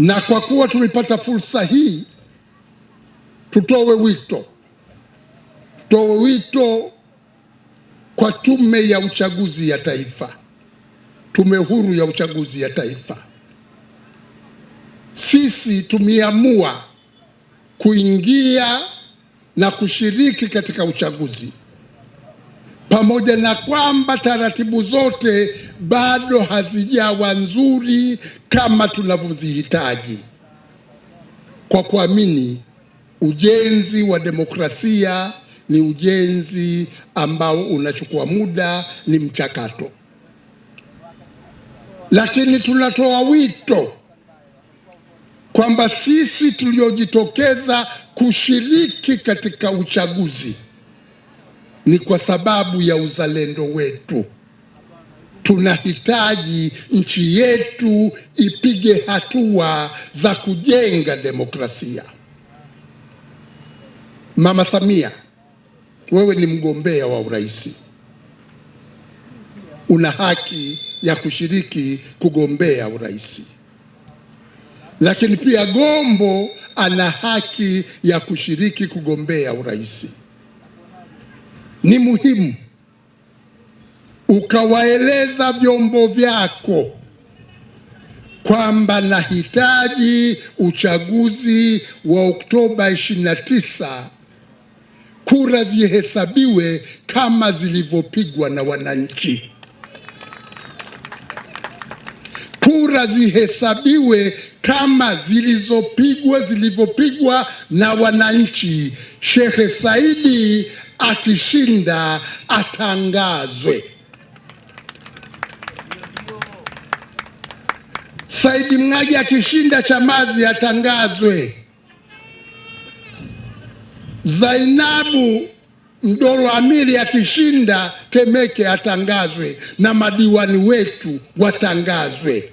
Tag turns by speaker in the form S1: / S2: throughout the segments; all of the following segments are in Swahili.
S1: na kwa kuwa tumepata fursa hii, tutoe wito, tutoe wito kwa Tume ya Uchaguzi ya Taifa, Tume Huru ya Uchaguzi ya Taifa. Sisi tumeamua kuingia na kushiriki katika uchaguzi pamoja na kwamba taratibu zote bado hazijawa nzuri kama tunavyozihitaji, kwa kuamini ujenzi wa demokrasia ni ujenzi ambao unachukua muda, ni mchakato. Lakini tunatoa wito kwamba sisi tuliojitokeza kushiriki katika uchaguzi ni kwa sababu ya uzalendo wetu. Tunahitaji nchi yetu ipige hatua za kujenga demokrasia. Mama Samia, wewe ni mgombea wa urais, una haki ya kushiriki kugombea urais, lakini pia Gombo ana haki ya kushiriki kugombea urais ni muhimu ukawaeleza vyombo vyako kwamba nahitaji uchaguzi wa Oktoba 29 kura zihesabiwe kama zilivyopigwa na wananchi. kura zihesabiwe kama zilizopigwa zilivyopigwa na wananchi. Shehe Saidi akishinda atangazwe. Saidi Mng'aji akishinda Chamazi atangazwe. Zainabu Mdoro Amiri akishinda Temeke atangazwe, na madiwani wetu watangazwe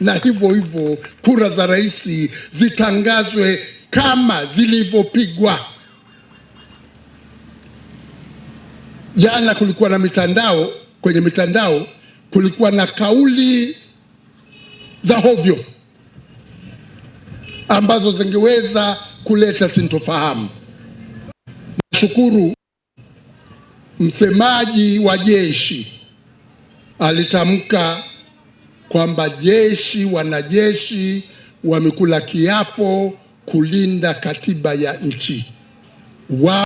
S1: na hivyo hivyo kura za rais zitangazwe kama zilivyopigwa. Jana kulikuwa na mitandao, kwenye mitandao kulikuwa na kauli za hovyo ambazo zingeweza kuleta sintofahamu. Nashukuru msemaji wa jeshi alitamka kwamba jeshi, wanajeshi wamekula kiapo kulinda katiba ya nchi, wao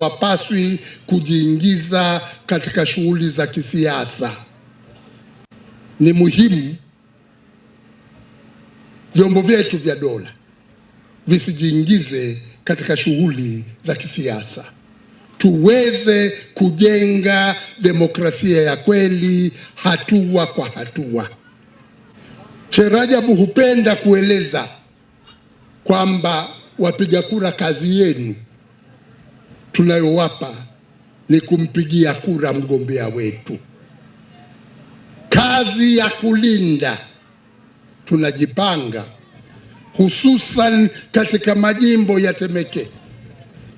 S1: wapaswi kujiingiza katika shughuli za kisiasa. Ni muhimu vyombo vyetu vya dola visijiingize katika shughuli za kisiasa, tuweze kujenga demokrasia ya kweli hatua kwa hatua. Sheikh Rajabu hupenda kueleza kwamba wapiga kura, kazi yenu tunayowapa ni kumpigia kura mgombea wetu. Kazi ya kulinda, tunajipanga hususan katika majimbo ya Temeke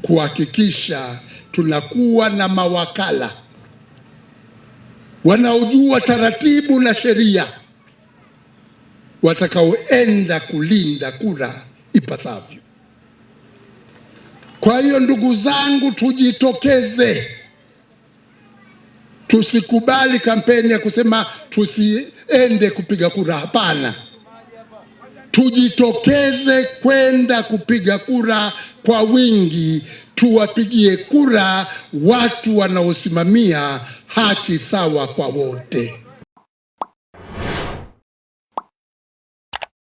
S1: kuhakikisha tunakuwa na mawakala wanaojua taratibu na sheria watakaoenda kulinda kura ipasavyo. Kwa hiyo ndugu zangu, tujitokeze, tusikubali kampeni ya kusema tusiende kupiga kura. Hapana, tujitokeze kwenda kupiga kura kwa wingi, tuwapigie kura watu wanaosimamia haki sawa kwa wote.